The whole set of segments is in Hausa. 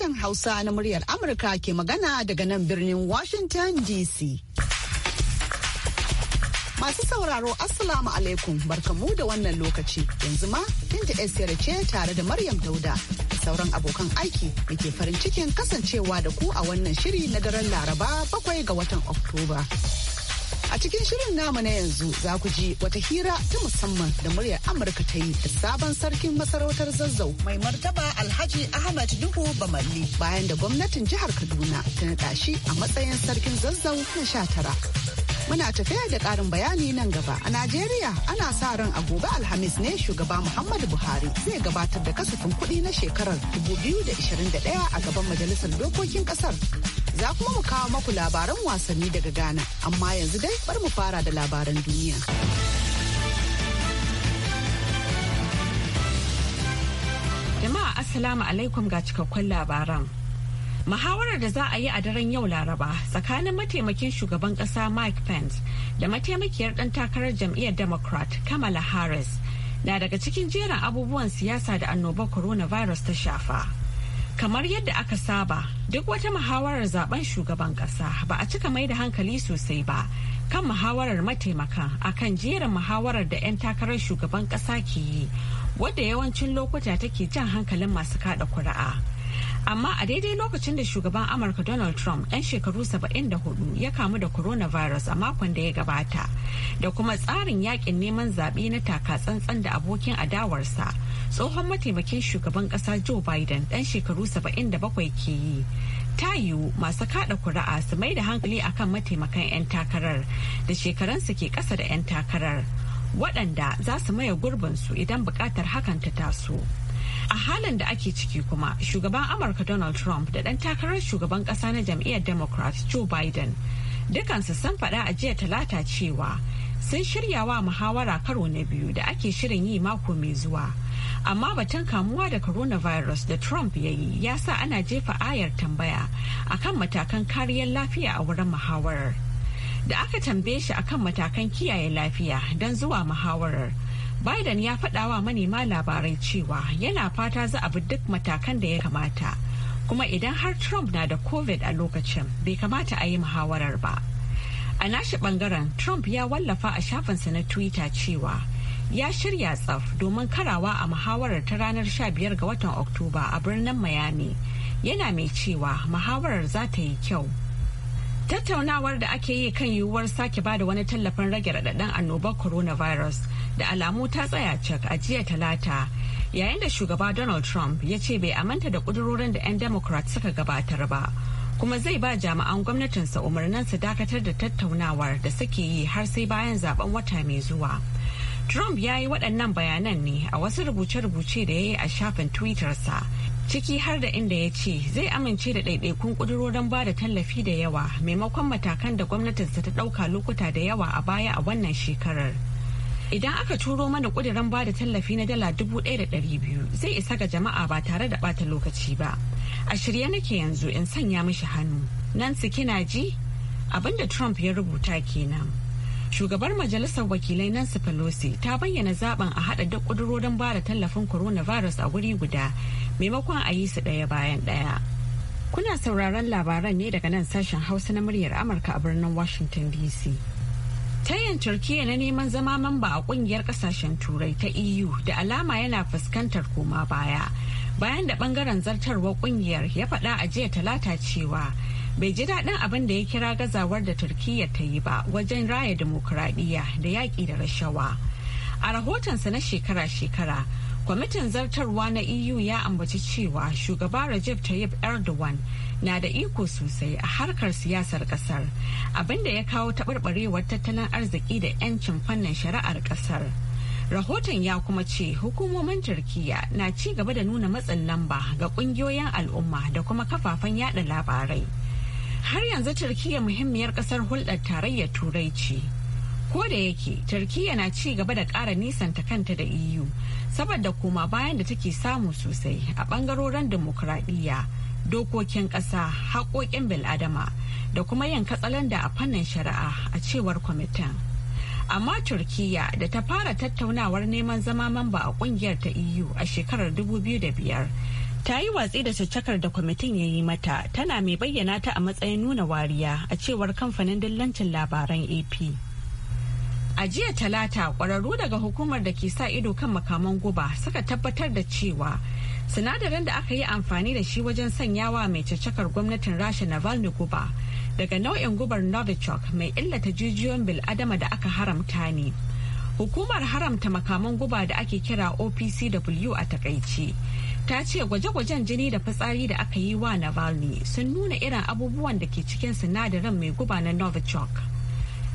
sashen Hausa na muryar Amurka ke magana daga nan birnin Washington DC. Masu sauraro Assalamu alaikum barkamu da wannan lokaci yanzu ma Binta Esther ce tare da Maryam Dauda sauran abokan aiki da ke farin cikin kasancewa da ku a wannan shiri na daren Laraba bakwai ga watan Oktoba. A cikin shirin namu na yanzu za ku ji wata hira ta musamman da muryar Amurka ta yi da sabon sarkin masarautar zazzau mai martaba Alhaji Ahmad Duhu Bamalli bayan da gwamnatin jihar Kaduna ta naɗa shi a matsayin sarkin zazzau na sha tara. Muna tafiya da ƙarin bayani nan gaba. A Najeriya ana sa ran a gobe Alhamis ne shugaba Muhammadu Buhari zai gabatar da kasafin kuɗi na shekarar 2021 a gaban Majalisar Dokokin ƙasar. Za kuma mu kawo maku labaran wasanni daga Ghana, amma yanzu dai bar mu fara da labaran duniya. Jama'a Assalamu alaikum ga cikakkun labaran. Muhawarar da za a yi a daren yau Laraba tsakanin mataimakin shugaban kasa Mike Pence da mataimakiyar ɗan takarar jam'iyyar Democrat Kamala Harris na daga cikin jerin abubuwan siyasa da annobar coronavirus ta shafa. kamar yadda aka saba duk wata muhawarar zaben shugaban kasa ba a cika mai da hankali sosai ba kan muhawarar mataimakan akan jerin muhawarar da 'yan takarar shugaban kasa ke yi wadda yawancin lokuta take jan hankalin masu kada kuri'a. amma a daidai lokacin da shugaban amurka donald trump ɗan shekaru 74 ya kamu da coronavirus a makon da ya gabata da kuma tsarin yakin neman zaɓe na taka tsantsan da abokin adawarsa tsohon mataimakin shugaban ƙasa joe biden ɗan shekaru 77 ke yi ta yiwu masu kada kuri'a su mai da hankali akan mataimakan 'yan takarar da shekaransu ke ƙasa da 'yan takarar waɗanda za su maye gurbinsu idan buƙatar hakan ta taso. a halin da ake ciki kuma shugaban amurka donald trump da ɗan takarar shugaban ƙasa na jam'iyyar democrat joe biden dukansu sun faɗa a jiya talata cewa sun shirya wa muhawara karo na biyu da ake shirin yi mako mai zuwa amma batun kamuwa da coronavirus da trump ya yi ya sa ana jefa ayar tambaya akan matakan kariyar lafiya a wurin muhawarar da aka tambaye shi akan matakan kiyaye lafiya don zuwa muhawarar Biden ya faɗa wa manema labarai cewa yana fata za a bi duk matakan da ya kamata. Kuma idan har Trump na da COVID a lokacin bai kamata a yi muhawarar ba. A nashi bangaren Trump ya wallafa a shafinsa na Twitter cewa ya shirya tsaf domin karawa a muhawarar ta ranar 15 ga watan Oktoba a birnin Miami. Yana mai cewa muhawarar za ta yi kyau. tattaunawar da ake yi kan yiwuwar sake bada wani tallafin rage radadin annobar coronavirus da alamu ta tsaya cak a jiya talata yayin da shugaba donald trump ya ce bai amanta da kudurorin da 'yan democrat suka gabatar ba kuma zai ba jami'an gwamnatinsa umarnin su dakatar da tattaunawar da suke yi har sai bayan zaben wata mai zuwa. Trump ya yi waɗannan bayanan ne a wasu rubuce-rubuce da ya yi a shafin sa ciki har da inda ya ce zai amince da ɗaiɗaikun ƙudurorin ba da tallafi da yawa maimakon matakan da gwamnatinsa ta ɗauka lokuta da yawa a baya a wannan shekarar. Idan aka turo mana ƙudurin ba da tallafi na dala dubu ɗaya da ɗari biyu zai isa ga jama'a ba tare da ɓata lokaci ba. A shirye nake yanzu in sanya mishi hannu. Nancy kina ji? Abinda da Trump ya rubuta kenan. Shugabar Majalisar Wakilai Nancy Pelosi ta bayyana zaben a haɗa duk don ba da tallafin coronavirus a wuri guda maimakon a yi su ɗaya bayan ɗaya. Kuna sauraron labaran ne daga nan sashen Hausa na muryar Amurka a birnin Washington DC. Tayin Turkiyya na neman zama mamba a kungiyar kasashen turai ta EU da alama yana fuskantar koma baya. Bayan da bangaren zartarwar kungiyar ya faɗa a jiya talata cewa bai ji daɗin abin da ya kira gazawar da turkiyya ta yi ba wajen raya demokuraɗiyya da yaƙi da rashawa a rahotonsa na shekara-shekara kwamitin zartarwa na eu ya ambaci cewa shugaba rajab tayyip erdogan na da iko sosai a harkar siyasar kasar abinda ya kawo taɓarɓarewar tattalin arziki da 'yancin fannin shari'ar ƙasar. rahoton ya kuma ce hukumomin Turkiyya na ci gaba da nuna matsin lamba ga ƙungiyoyin al'umma da kuma kafafen yada labarai har yanzu turkiya muhimmiyar kasar hulɗar tarayyar turai ce ko da yake turkiya na ci gaba da ƙara nisanta kanta da eu saboda koma bayan da take samu sosai a ɓangarorin dimokuraɗiyya dokokin ƙasa haƙoƙin bil'adama da kuma yin katsalanda a fannin shari'a a cewar kwamitin amma turkiya da ta fara tattaunawar neman zama mamba a ƙungiyar ta eu a shekarar 2005 ta yi watsi da caccakar da kwamitin ya yi mata tana mai bayyana ta a matsayin nuna wariya a cewar kamfanin dillancin labaran ap a jiya talata kwararru daga hukumar da ke sa ido kan makaman guba suka tabbatar da cewa sinadarin da aka yi amfani da shi wajen sanyawa mai caccakar gwamnatin rasha navalny guba daga nau'in gubar novichok mai illata jijiyoyin bil'adama da aka haramta ne hukumar haramta makaman guba da ake kira opcw a takaici. ta ce gwaje-gwajen jini da fitsari da aka yi wa navalny sun nuna irin abubuwan da ke cikin sinadarin mai guba na novichok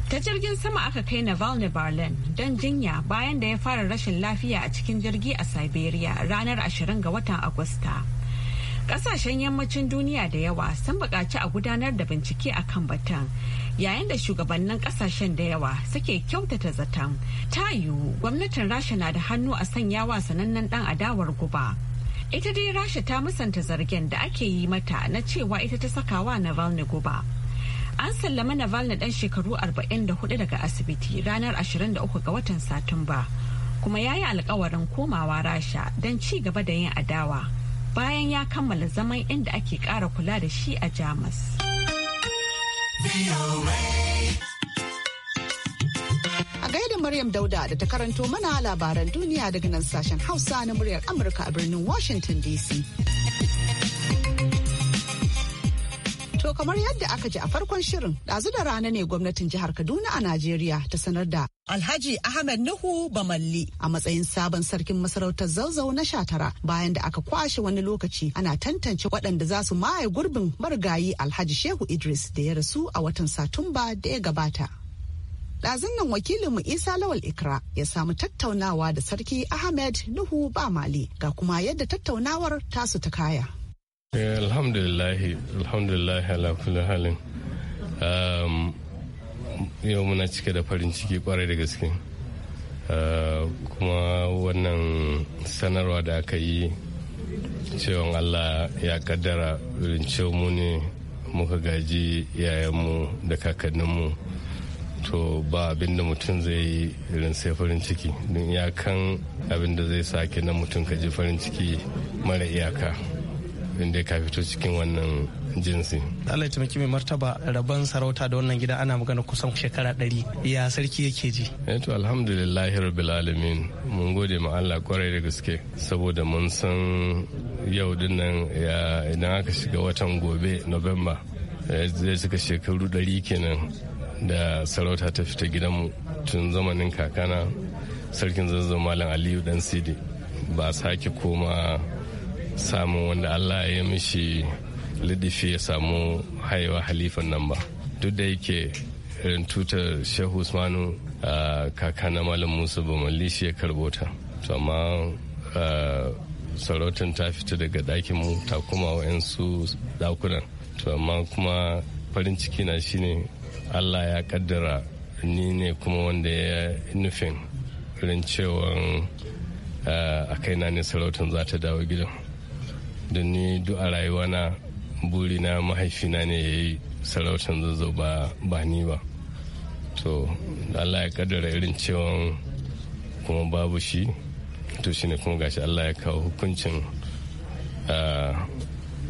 ta jirgin sama aka kai navalny berlin don jinya bayan da ya fara rashin lafiya a cikin jirgi a siberia ranar 20 ga watan agusta kasashen yammacin duniya da yawa sun buƙaci a gudanar da bincike a kan batun yayin da shugabannin ƙasashen da yawa suke kyautata zaton ta yiwu gwamnatin rasha na da hannu a sanya wa sanannen dan adawar guba ita dai rasha ta musanta zargen da ake yi mata na cewa ita ta saka wa navalny guba an sallama navalny dan shekaru 44 daga asibiti ranar 23 ga watan satumba kuma ya yi alkawarin komawa rasha don ci gaba da yin adawa bayan ya kammala zaman inda ake kara kula da shi a jamus. da Maryam Dauda da ta karanto mana labaran duniya daga nan sashen Hausa na muryar Amurka a birnin Washington DC. To kamar yadda aka ji a farkon shirin ɗazu da rana ne gwamnatin jihar Kaduna a Najeriya ta sanar da Alhaji Ahmed Nuhu Bamalli a matsayin sabon sarkin masarautar Zauzau na sha bayan da aka kwashe wani lokaci ana tantance waɗanda za su maye gurbin marigayi Alhaji Shehu Idris da ya rasu a watan Satumba da ya gabata. ɗazun nan wakilinmu isa lawal ikra ya samu tattaunawa da sarki ahmed nuhu ba mali ga kuma yadda tattaunawar tasu ta kaya alhamdulillahi eh, alhamdulillahi ala kulli halin um, yau muna cike da farin ciki kwarai da gaske uh, kuma wannan sanarwa da aka yi cewan allah ya kaddara mu ne muka gaji yayanmu da kakanninmu to ba abin da mutum zai yi irin sai farin ciki don iyakan abin da zai sake na mutum ka ji farin ciki mara iyaka inda ka fito cikin wannan jinsi. Allah ya mai martaba rabon sarauta da wannan gida ana magana kusan shekara ɗari ya sarki yake ji. Eh to alhamdulillah rabbil alamin mun gode ma Allah kwarai da gaske saboda mun san yau dinnan ya idan aka shiga watan gobe November eh, zai cika shekaru ɗari kenan da sarauta ta fita gidanmu tun zamanin kakana sarkin zazzau malam aliyu dan sidi ba sake koma samun wanda allah ya mishi lidifi ya samu haiwa halifan nan ba duk da yake irin tutar shehu usmanu kakana malam musa Bamalli shi ya karbo ta amma sarautar ta fita daga mu ta kuma wa'yansu ɗakunan to amma kuma farin ciki na shine allah ya kaddara ni ne kuma wanda ya nufin rin cewan eh, a na ne sarautan za ta dawo gidan da ni duk a rayuwana burina mahaifina ne ya yi sarautan zazzau ba ni ba to allah ya kaddara irin cewa kuma babu shi to shi ne kuma gashi allah ya kawo hukuncin eh,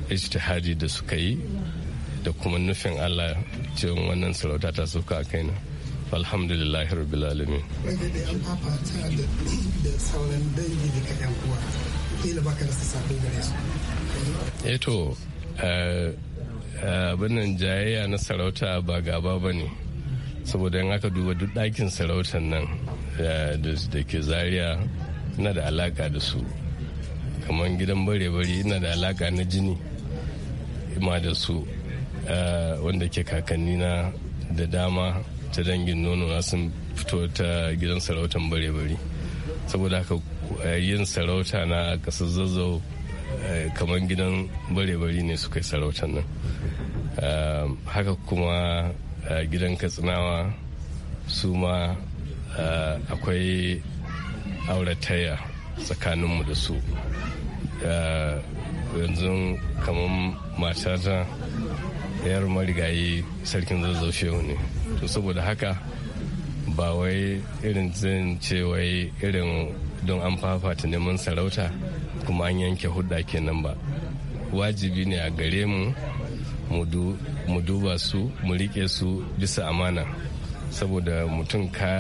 ijtihadi da suka yi da kuma nufin allah cin wannan sarauta ta sauka a kaina alhamdulillah rabbil alamin da eto eh eh, eh, abin jayayya na sarauta ba gaba ba ne saboda in aka duba duk ɗakin sarautar nan da ke zaria ina da alaka da su kamar gidan bare-bare ina da alaka na jini ma da su Eh, wanda ke kakanni na da dama ta dangin nono na sun fito ta gidan sarautan bare-bare saboda haka eh, yin sarauta na kasar zazzau eh, kamar gidan bare-bare ne suka yi sarautan nan haka kuma gidan katsinawa su ma akwai aurataya tsakaninmu da su yanzu kamar matata yar marigayi sarkin zazzau shehu ne to saboda haka ba wai irin zan ce wai irin don an fafata neman sarauta kuma an yanke hudda kenan ba wajibi ne a gare mu mu duba su mu rike su bisa amana saboda mutum ka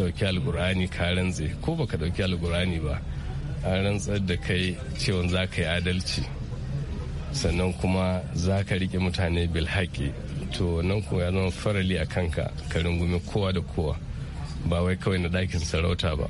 dauki alkur'ani ka rantse ko baka dauki alkur'ani ba an rantsar da kai cewa za ka yi adalci sannan kuma za ka riƙe mutane bilhaki to nan kuma ya zama farali a kanka ka rungumi kowa da kowa ba wai kawai na dakin sarauta ba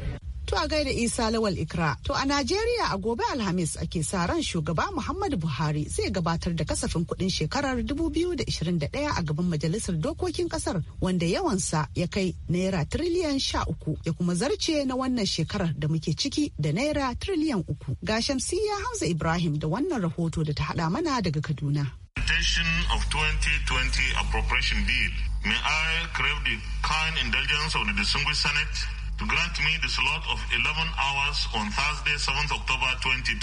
To a gaida Isa Lawal Ikra. To a Najeriya a gobe Alhamis ake sa ran shugaba Muhammadu Buhari zai gabatar da kasafin kudin shekarar 2021 a gaban majalisar dokokin kasar wanda yawansa ya kai naira triliyan sha uku ya kuma zarce na wannan shekarar da muke ciki da naira triliyan uku. Ga shamsiya Hamza Ibrahim da wannan rahoto da ta hada mana daga Kaduna. implementation of 2020 appropriation bill, may I crave the kind indulgence of the distinguished Senate grant me the slot of 11 hours on Thursday, 7th October 2020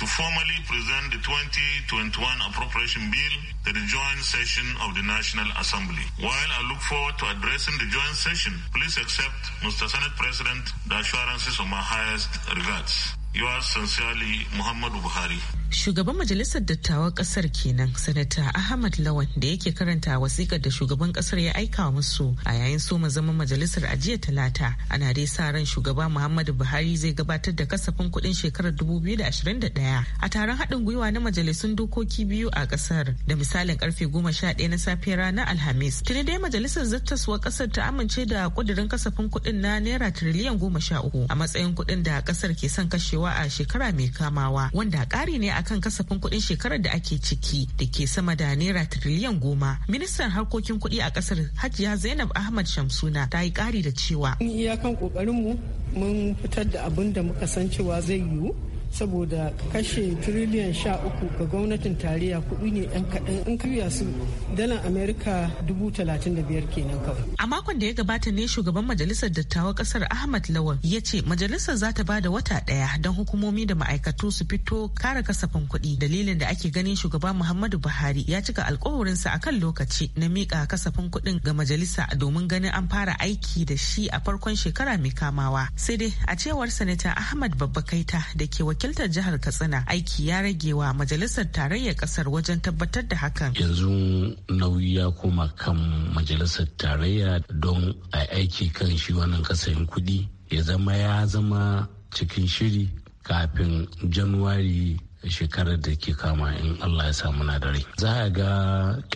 to formally present the 2021 Appropriation Bill to the joint session of the National Assembly. While I look forward to addressing the joint session, please accept, Mr. Senate President, the assurances of my highest regards. Yours sincerely, Muhammad Buhari. shugaban majalisar dattawan kasar kenan sanata ahmad lawan da yake karanta wasikar da shugaban kasar ya aika musu a yayin soma zaman majalisar a jiya talata ana dai sa ran shugaba muhammadu buhari zai gabatar da kasafin kuɗin shekarar 2021 a taron haɗin gwiwa na majalisun dokoki biyu a kasar da misalin karfe ɗaya na safe ranar alhamis tuni dai majalisar zattaswa kasar ta amince da kudirin kasafin kuɗin na naira tiriliyan goma sha uku a matsayin kuɗin da kasar ke son kashewa a shekara mai kamawa wanda ƙari ne a akan kasafin kuɗin shekarar da ake ciki da ke sama da naira tiriliyan goma ministan harkokin kuɗi a ƙasar hajiya zainab ahmad shamsuna ta yi ƙari da cewa iyakan ƙoƙarinmu mun fitar da abin da muka san cewa zai yiwu saboda kashe tiriliyan sha uku ga gwamnatin tarayya kuɗi ne yan kaɗan in karya su dalan amerika dubu talatin da biyar kenan kawai. a makon da ya gabata ne shugaban majalisar dattawa ƙasar ahmad lawal ya ce majalisar za ta ba da wata ɗaya don hukumomi da ma'aikatu su fito kare kasafin kuɗi dalilin da ake ganin shugaba muhammadu buhari ya cika alkawarinsa a kan lokaci na miƙa kasafin kuɗin ga majalisa domin ganin an fara aiki da shi a farkon shekara mai kamawa sai dai a cewar sanata ahmad babba kaita da ke wakil wakiltar jihar katsina aiki ya rage wa majalisar tarayyar kasar wajen tabbatar da hakan yanzu nauyi ya koma kan majalisar tarayya don a aiki kan shi wannan kasayin kudi ya zama ya zama cikin shiri kafin januwari shekarar da ke kama in allah ya samu na za a ga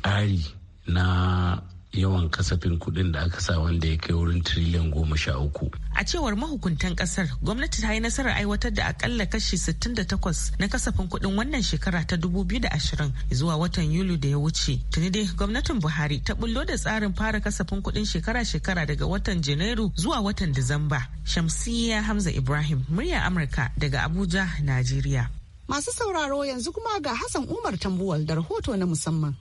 ƙari na yawan kasafin kuɗin da aka sa wanda ya kai wurin tiriliyan goma sha uku. A cewar mahukuntan ƙasar, gwamnati ta yi nasarar aiwatar da akalla kashi 68 na kasafin kuɗin wannan shekara ta 2020 zuwa watan Yuli da ya wuce. Tuni dai gwamnatin Buhari ta bullo da tsarin fara kasafin kuɗin shekara-shekara daga watan Janairu zuwa watan Disamba. Shamsiyya Hamza Ibrahim, murya Amurka daga Abuja, Najeriya. Masu sauraro yanzu kuma ga Hassan Umar Tambuwal da rahoto na musamman.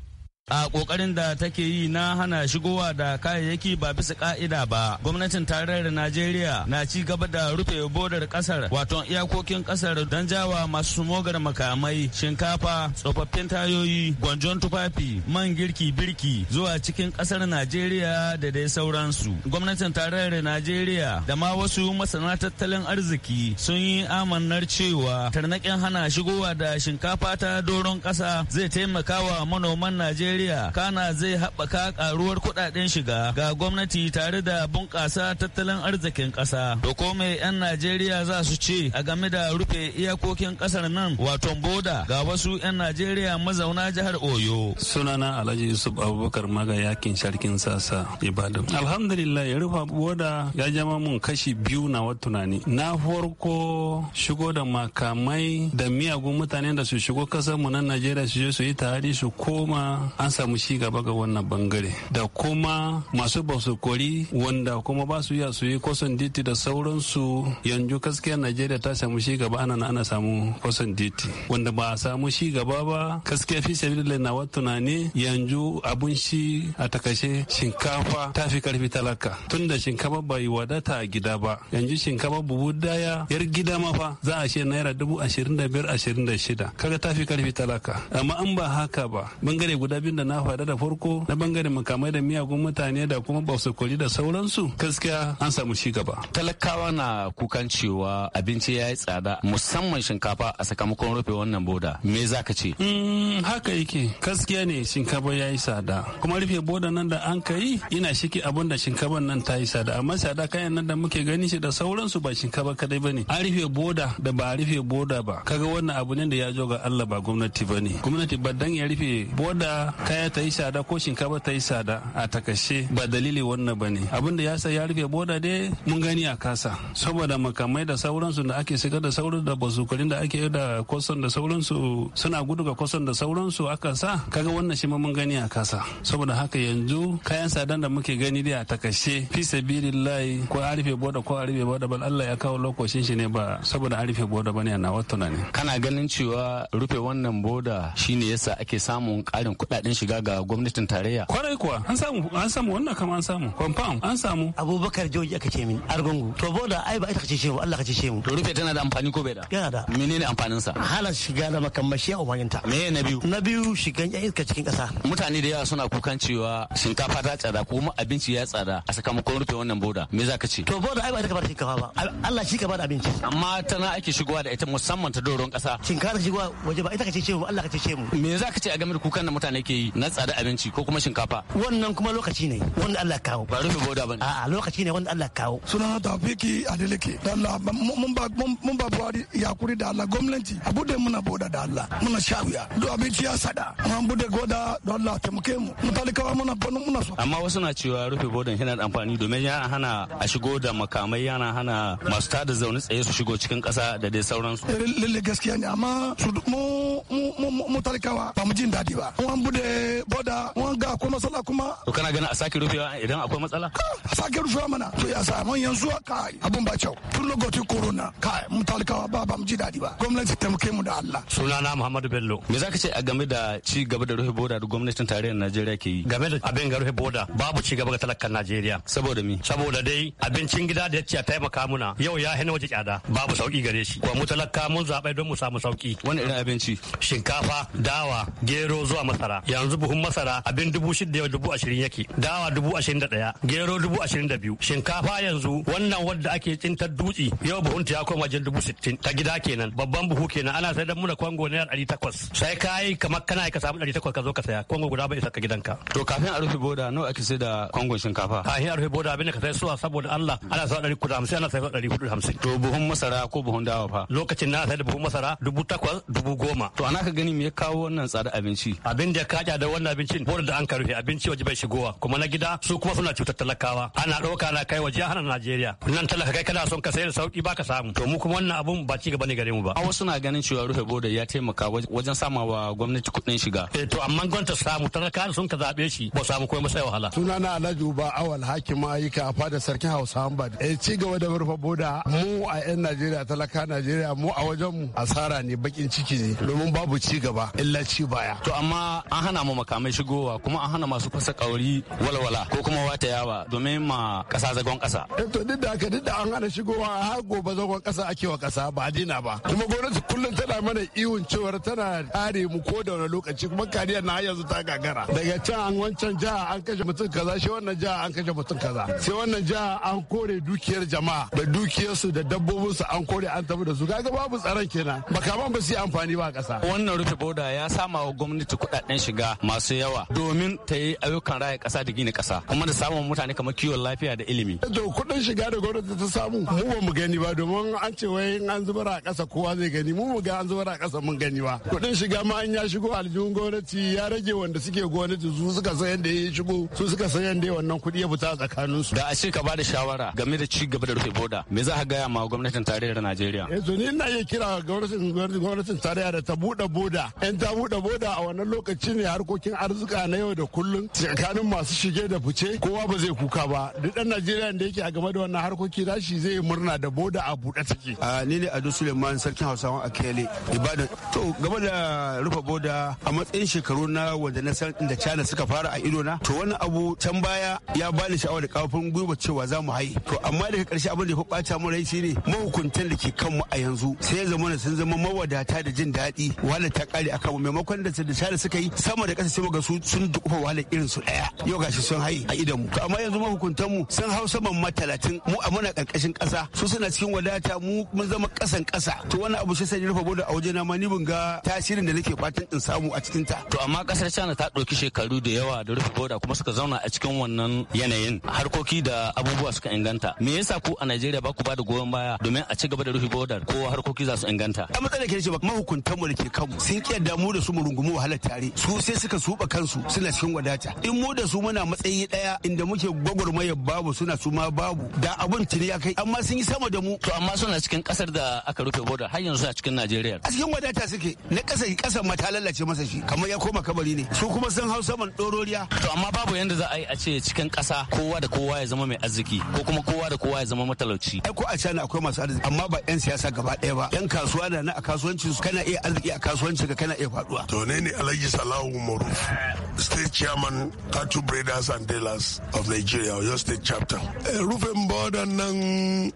a kokarin da take yi na hana shigowa da kayayyaki ba bisa ka'ida ba gwamnatin tarayyar najeriya na ci gaba da rufe bodar kasar wato iyakokin kasar don jawa masu mogar makamai shinkafa tsofaffin tayoyi gwanjon tufafi man girki birki zuwa cikin kasar najeriya da dai sauransu gwamnatin tarayyar najeriya da ma wasu masana tattalin arziki sun yi amannar cewa tarnaƙin hana shigowa da shinkafa ta doron ƙasa zai taimaka wa manoman najeriya Najeriya kana zai haɓaka karuwar kuɗaɗen shiga ga gwamnati tare da bunƙasa tattalin arzikin ƙasa. To ko mai 'yan Najeriya za su ce a game da rufe iyakokin ƙasar nan wato boda ga wasu 'yan Najeriya mazauna jihar Oyo. Sunana Alhaji Yusuf Abubakar Maga yakin sarkin sasa Ibadan. Alhamdulillah ya rufa boda ya jama mun kashi biyu na wata tunani. Na farko shigo da makamai da miyagun mutane da su shigo kasar mu na Najeriya su je su yi tari su koma an samu ci gaba ga wannan bangare da kuma masu basu kori wanda kuma ba su iya su yi kwason diti da sauransu yanzu gaskiya najeriya ta samu ci gaba ana ana samu kwason diti wanda ba a samu ci gaba ba gaskiya fi sabilillah na wata tunani yanzu abun shi a takashe shinkafa ta fi karfi talaka tunda shinkafa bai wadata a gida ba yanzu shinkafa bubu daya yar gida ma fa za a ce naira dubu ashirin da biyar ashirin da shida kaga ta fi karfi talaka amma an ba haka ba bangare guda biyu da na faɗa da farko na bangaren makamai da miyagun mutane da kuma bausakoli da sauransu gaskiya an samu ci gaba talakawa na kukan cewa abinci ya yi tsada musamman shinkafa a sakamakon rufe wannan boda me za ka ce mm, haka yake gaskiya ne shinkafa ya yi tsada kuma rufe boda nan da an kai ina shiki abin da shinkafa nan ta yi tsada amma tsada kayan nan da muke gani shi da sauransu ba shinkafa kadai ba ne an rufe boda da ba a rufe boda ba kaga wannan abu ne da ya zo ga Allah ba gwamnati ba ne gwamnati ba dan ya rufe boda kaya ta yi sada ko shinkafa ta yi sada a takashe ba dalili wannan ba ne abin da ya sa ya rufe boda dai mun gani a kasa saboda makamai da sauransu da ake shiga da sauran da bazukarin da ake da kwason da sauransu suna gudu ga kwason da sauransu aka sa kaga wannan shi mun gani a kasa saboda haka yanzu kayan sadan da muke gani dai a takashe fi sabilillahi ko a rufe boda ko a rufe boda bal Allah ya kawo lokacin shi ne ba saboda a rufe boda bane na wato ne kana ganin cewa rufe wannan boda shine yasa ake samun karin kuɗaɗe kuɗaɗen shiga ga gwamnatin tarayya kwarai kuwa an samu an samu wannan kama an samu confirm an samu abubakar joji aka ce min argungu to boda ai ba ita kace shi Allah kace shi mu to rufe tana da amfani ko bai da yana da menene amfanin sa hala shiga da makamashi a wajen ta me na biyu na biyu shigan ya iska cikin kasa mutane da yawa suna kukan cewa shinkafa ta tsada kuma abinci ya tsada a sakamakon rufe wannan boda me za ka ce to boda ai ba ita ka ba shinkafa ba Allah shi ka ba da abinci amma tana ake shigowa da ita musamman ta doron kasa shinkafa shigowa waje ba ita kace ce mu Allah kace ce mu me za ka ce a game da kukan da mutane ke yi na tsada abinci ko kuma shinkafa wannan kuma lokaci ne wanda Allah kawo ba rufe boda bane a'a lokaci ne wanda Allah kawo suna da fiki adilike Allah mun ba mun ba buhari yakuri da Allah gwamnati a bude muna boda da Allah muna shawiya do abinci ya sada mun bude goda da Allah muke mu mu talikawa muna banu muna so amma wasu na cewa rufe bodan yana da amfani domin yana hana a shigo da makamai yana hana masu tada zaune tsaye su shigo cikin kasa da dai sauransu eh, lalle gaskiya ne amma su mu mu mu talikawa ba mu jin dadi ba an bude boda ga akwai matsala kuma. To kana gana a sake rufewa idan akwai matsala? A sake rufewa mana to ya samu yanzu kai abun ba kyau tun lokacin corona kai mun talakawa ba ba mu ji daɗi ba gwamnati ta mu mu da Allah. Sunana Muhammadu Bello me zaka ce a game da ci gaba da rufe boda da gwamnatin tarayyar Najeriya ke yi? Game da abin ga rufe boda babu ci gaba ga talakan Najeriya. Saboda mi? Saboda dai abincin gida da ya ce a taimaka muna yau ya hana waje kyada babu sauki gare shi. Kuma mu talaka mun zaɓai don mu samu sauki. Wani irin abinci? Shinkafa, dawa, gero zuwa masara. yanzu buhun masara abin dubu shida dubu ashirin yake dawa dubu ashirin da ɗaya gero dubu ashirin da biyu shinkafa yanzu wannan wadda ake tsintar dutse yau buhun ta ya koma jin dubu sittin ta gida kenan babban buhu kenan ana sai da muna kwango naira ɗari takwas sai ka yi kamar kana ka samu ɗari takwas ka zo ka saya kwango guda bai isa ka gidanka. to kafin a rufe boda nawa ake sai da kwangon shinkafa. kafin a rufe boda abin da ka sai suwa saboda Allah ana sai ɗari kuɗa hamsin ana sai ɗari hudu hamsin. to buhun masara ko buhun dawa fa. lokacin na sai da buhun masara dubu takwas dubu goma. to ana ka gani me ya kawo wannan tsada abinci. abin da ka hada da wannan abincin borin da an ka rufe abinci waje bai shigowa kuma na gida su kuma suna cutar talakawa ana ɗauka na kai waje hana Najeriya nan talaka kai kana son ka sayar da sauki baka samu to mu kuma wannan abun ba ci gaba ne gare mu ba. A wasu na ganin cewa rufe boda ya taimaka wajen sama wa gwamnati kuɗin shiga. Eh to amma gwamnati samu talaka sun ka zabe shi ba samu komai masai wahala. Suna na Alhaji Uba Awal Hakima k'a a fada sarkin Hausa Hambad. Eh ci gaba da rufe boda mu a 'yan Najeriya talaka Najeriya mu a wajen mu asara ne bakin ciki ne domin babu ci gaba illa ci baya. To amma an hana mu makamai shigowa kuma an hana masu fasa kauri walwala ko kuma wata yawa domin ma kasa zagon kasa. Eh, to duk da haka duk da an hana shigowa har gobe zagon kasa ake wa kasa ba dina ba kuma gwamnati kullum tana mana iwun cewar tana kare mu ko da wani lokaci kuma kariyar na yanzu ta gagara daga can an wancan ja an kashe mutum kaza shi wannan ja an kashe mutum kaza sai wannan jiha an kore dukiyar jama'a da dukiyarsu da dabbobinsu an kore an tafi da su kaga babu tsaron kenan makaman ba su yi amfani ba kasa wannan rufe boda ya sama wa gwamnati kuɗaɗen shiga masu yawa domin ta yi ayyukan raya ƙasa da gina ƙasa kuma da samun mutane kamar kiwon lafiya da ilimi. To kuɗin shiga da gwamnati ta samu mu ba mu gani ba domin an ce wai an zubar a ƙasa kowa zai gani mu mu ga an zubar a ƙasa mun gani ba. Kuɗin shiga ma an ya shigo aljihun gwamnati ya rage wanda suke gwamnati su suka san yadda ya shigo su suka san yadda wannan kuɗi ya fita tsakanin su. Da a ce ka ba da shawara game da ci gaba da rufe boda me za a gaya ma gwamnatin tarayyar Najeriya. Eh to ni ina iya kira gwamnatin tarayya da ta buɗe boda. 'Yan ta buɗe boda a wannan lokaci ne harkokin arzika na yau da kullum tsakanin masu shige da fice kowa ba zai kuka ba duk dan najeriya da yake a game da wannan harkoki rashi zai murna da boda a buɗe take a ni ne ado suleiman sarkin hausawan akele ibadan to game da rufe boda a matsayin shekaru na wanda na san da china suka fara a ido na to wani abu can baya ya bani sha'awa da kafin gwiwa cewa za mu haye to amma daga karshe abin da ya bata mu rai shine mahukuntan da ke kanmu a yanzu sai ya zama sun zama mawadata da jin daɗi wahala ta kare akan maimakon da da suka yi sama da ƙasa sai ga su sun dukufa wahalar irin su daya yau gashi sun hayi a idan mu to amma yanzu mahukuntan mu sun hau saman ma talatin mu a muna ƙarƙashin ƙasa su suna cikin wadata mu mun zama ƙasan ƙasa to wannan abu shi sai rufe bodo a waje na ma ni ban ga tasirin da nake fatan in samu a cikin ta to amma ƙasar China ta dauki shekaru da yawa da rufe boda kuma suka zauna a cikin wannan yanayin harkoki da abubuwa suka inganta me yasa ku a Najeriya ba ku ba da goyon baya domin a ci gaba da rufe bodar ko harkoki za su inganta a matsalar ke ce ba mahukuntan mu da ke kanmu sun kiyar mu da su mu rungumu wahalar tare su sai suka suba kansu suna cikin wadata in mu da su muna matsayi daya inda muke gwagwarmaya babu suna su ma babu da abun tuni kai amma sun yi sama da mu to amma suna cikin kasar da aka rufe boda har yanzu a cikin Najeriya a cikin wadata suke na kasa kasar ma ta lalace masa shi kamar ya koma kabari ne su kuma sun hau saman dororiya to amma babu yanda za a yi a ce cikin kasa kowa da kowa ya zama mai arziki ko kuma kowa da kowa ya zama matalauci ai ko a cana akwai masu arziki amma ba yan siyasa gaba daya ba yan kasuwa da na a kasuwancin su kana iya arziki a kasuwancin ka kana iya faduwa to ne ne Alhaji Salahu umaarufu state chairman cattle breeders and dealers of nigeria oyo state chapter eh, rufin bodan nan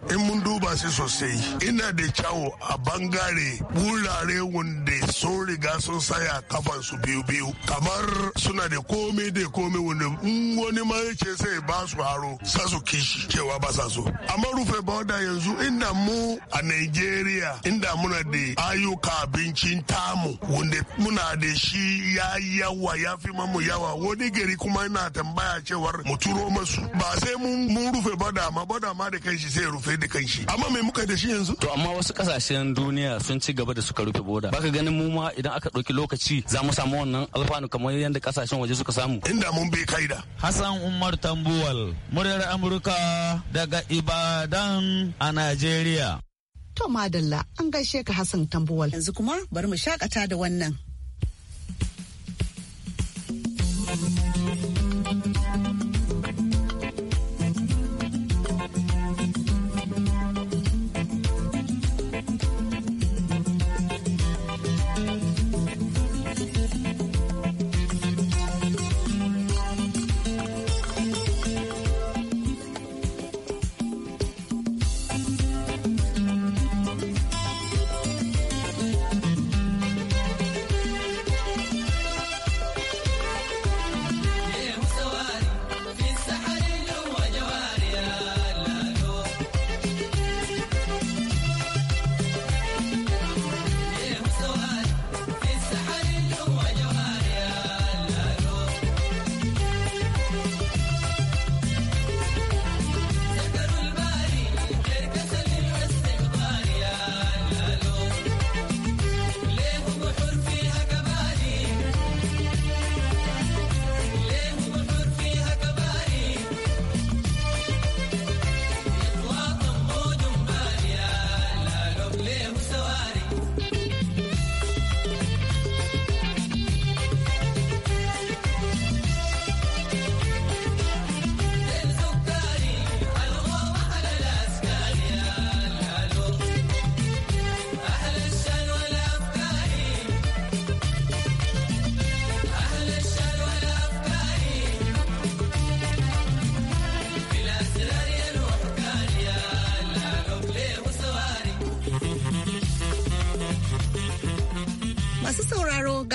in mun duba shi sosai ina da kyawu a bangare wurare wanda sun riga sun saya su biyu-biyu kamar suna da komai da komai wanda wani ma yake sai ba su haro sa su kishi cewa ba sa so amma rufe boda yanzu inda mu a nigeria inda muna da ayyuka abincin tamu wanda muna da shi ya yawa ya fi mu yawa wani gari kuma yana tambaya cewar mu turo masu ba sai mun rufe badama badama da kanshi sai rufe da kanshi amma me muka da shi yanzu to amma wasu kasashen duniya sun ci gaba da suka rufe boda baka ganin mu ma idan aka dauki lokaci za mu samu wannan alfanu kamar yadda kasashen waje suka samu inda mun bai kaida Hassan Umar Tambuwal muryar Amurka daga Ibadan a Najeriya to madalla an gaishe ka Hassan Tambuwal yanzu kuma bari mu shakata da wannan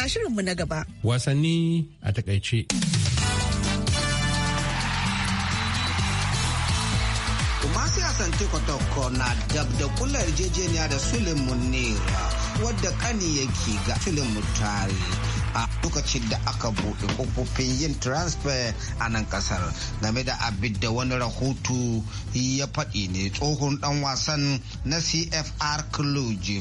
ga shirinmu na gaba. Wasanni a takaice. Kumasi Asante Kotoko na dab da kula yarjejeniya da Sulin Munira wadda kani yake ga Sulin Mutari. a lokacin da aka buɗe kofofin yin transfer a nan kasar game da abin da wani rahoto ya faɗi ne tsohon ɗan wasan na cfr cluj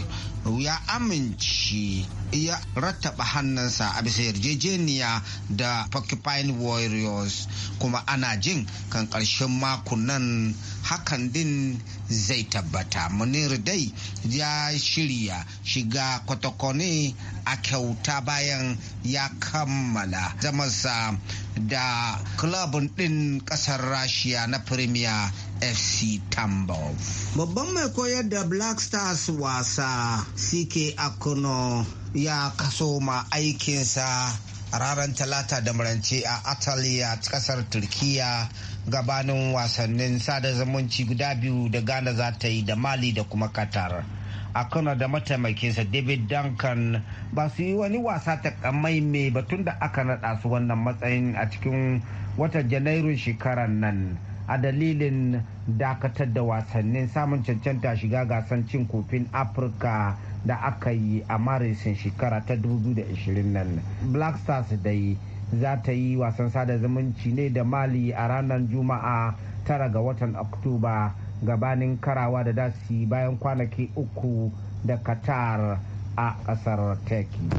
ya amince ya rattaba hannunsa a bisa yarjejeniya da Porcupine Warriors kuma ana jin kan ƙarshen makonnan hakan din zai tabbata. Munir dai ya shirya shiga kwatakwane a kyauta bayan ya kammala zamansa da kulabun ɗin ƙasar Rashiya na Premier fc tambov babban mai koyar da black stars wasa ck akono ya kaso ma aikinsa ranar talata da marance a Atalya kasar turkiya gabanin wasannin sada zumunci guda biyu da ghana za ta yi da mali da kuma qatar a kano da mataimakinsa david duncan ba su yi wani wasa takamai mai batun da aka naɗa su wannan matsayin a cikin watan janairun shekarar nan a dalilin dakatar da wasannin samun cancanta shiga gasan cin kofin afirka da aka yi a marisin shekara ta 2020 nan black stars dai za ta yi wasan sada zumunci ne da mali a ranar juma'a tara ga watan oktoba gabanin karawa da dasi bayan kwanaki uku da katar a kasar turkey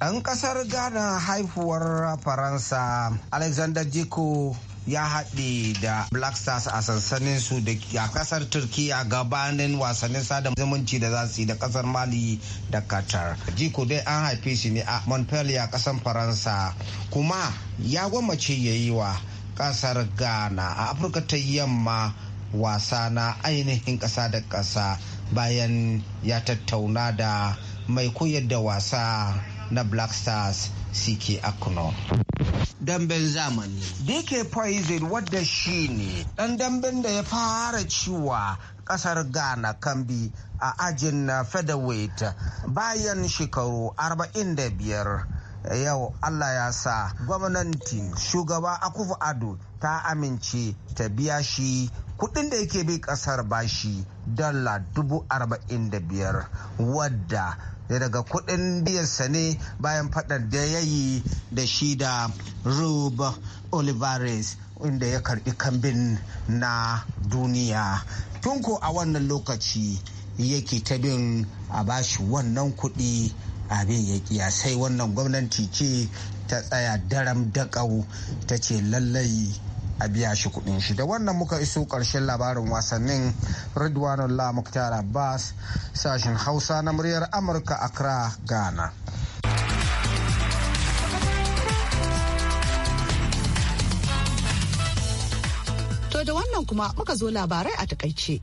ɗan ƙasar ghana haifuwar faransa alexander jiko ya haɗe da black stars a sansanin su da a kasar turkiya gabanin wasannin sada zumunci da za su yi da kasar mali da qatar jiko dai an haife shi ne a montpellier kasan faransa kuma ya gwamace ya yi wa kasar ghana a afirka ta yamma wasa na ainihin ƙasa da ƙasa bayan ya tattauna da mai koyar da wasa na black stars ck akuno damben zamani. DK Poison wadda shi ne ɗan damben da ya fara ciwa ƙasar Ghana Kambi a ajin na featherweight bayan shekaru 45. yau Allah ya sa gwamnati shugaba akufu ado ta amince ta biya shi kudin da yake bi kasar bashi dala dubu arba'in da biyar wadda Eh, daga kuɗin biyansa ne bayan faɗar da ya yi da shi da Rube Olivares inda ya karɓi kambin na duniya. Tunko a wannan lokaci yake ta bin a bashi wannan kuɗi abin ya kiya sai wannan gwamnati ce ta tsaya daram daƙau ta ce lallai a biya shi kuɗin shi da wannan muka iso ƙarshen labarin wasannin la muktar abbas sashen hausa na muryar amurka accra ghana To da wannan kuma muka zo labarai a takaice.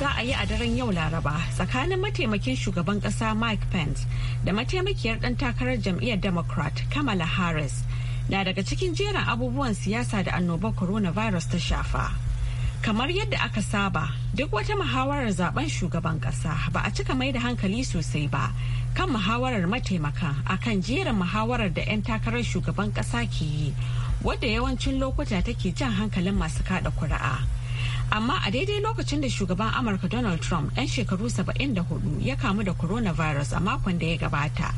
za a yi a daren yau Laraba tsakanin mataimakin shugaban kasa Mike Pence da mataimakiyar ɗan takarar jam'iyyar Democrat Kamala Harris na daga cikin jerin abubuwan siyasa da annobar coronavirus ta shafa. Kamar yadda aka saba, duk wata muhawarar zaben shugaban kasa ba a cika mai da hankali sosai ba kan muhawarar mataimakan akan jerin muhawarar da 'yan takarar shugaban kasa ke yi, wadda yawancin lokuta take jan hankalin masu kada kuri'a. amma a daidai lokacin da shugaban amurka donald trump ɗan shekaru 74 ya kamu da coronavirus a makon da ya gabata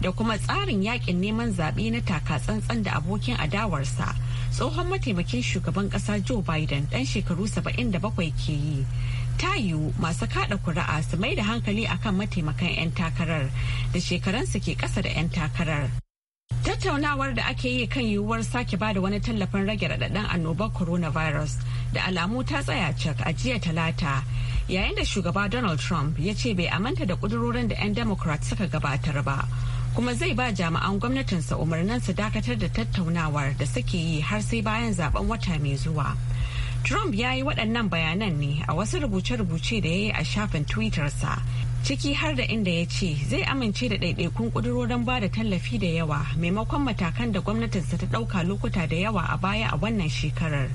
da kuma tsarin yakin neman zaɓe na taka tsantsan da abokin adawarsa tsohon mataimakin shugaban ƙasa joe biden dan shekaru 77 ke yi ta yiwu masu kada kuri'a su mai da hankali akan mataimakan 'yan takarar da shekaransu ke ƙasa da 'yan takarar Tattaunawar da ake yi kan yiwuwar sake bada wani tallafin rage raɗaɗin annobar coronavirus da alamu ta tsaya cak a jiya talata yayin da shugaba Donald Trump ya ce bai amanta da kudurorin da 'yan Democrat suka gabatar ba. kuma zai ba jami'an gwamnatinsa umarnin su dakatar da tattaunawar da suke yi har sai bayan zaben wata mai zuwa. Trump ya yi waɗannan bayanan ne a wasu rubuce-rubuce da ya yi a shafin twitter sa ciki har da inda ya ce zai amince da ɗaiɗaikun ƙudurorin ba da tallafi da yawa maimakon matakan da gwamnatinsa ta ɗauka lokuta da yawa a baya a wannan shekarar.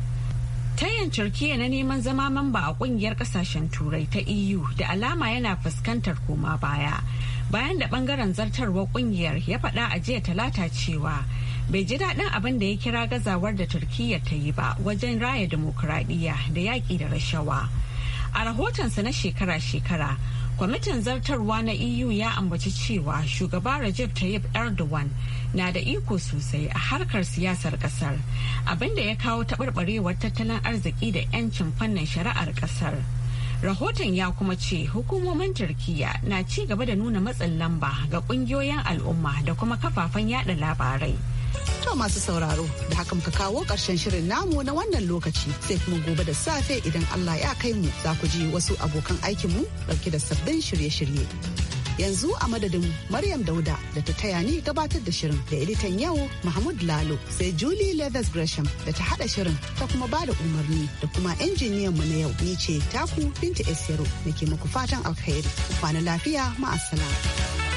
Tayin Turkiyya na neman zama mamba a ƙungiyar ƙasashen Turai ta EU da alama yana fuskantar koma baya. Bayan da ɓangaren zartarwar ƙungiyar ya faɗa a jiya talata cewa bai ji daɗin abin da ya kira gazawar da Turkiyya ta yi ba wajen raya dimokuraɗiyya da yaƙi da rashawa. A rahotonsa na shekara-shekara kwamitin zartarwa na eu ya ambaci cewa shugaba rajab tayyip erdogan na da iko sosai a harkar siyasar kasar abinda ya kawo taɓarɓarewar tattalin arziki da 'yancin fannin shari'ar kasar rahoton ya kuma ce hukumomin turkiya na ci gaba da nuna matsin lamba ga ƙungiyoyin al'umma da kuma kafafen yada labarai To masu sauraro da haka muka kawo ƙarshen shirin namu na wannan lokaci sai kuma gobe da safe idan Allah ya kai mu za ku ji wasu abokan aikinmu ɗauke da sabbin shirye-shirye. Yanzu a madadin Maryam Dauda da ta taya ni gabatar da shirin da editan yau Mahmud Lalo sai Julie Leathers Gresham da ta haɗa shirin ta kuma ba da umarni da kuma injiniyan mu na yau ni ce taku Binta Esero nake maku fatan alkhairi kwana lafiya ma'asala.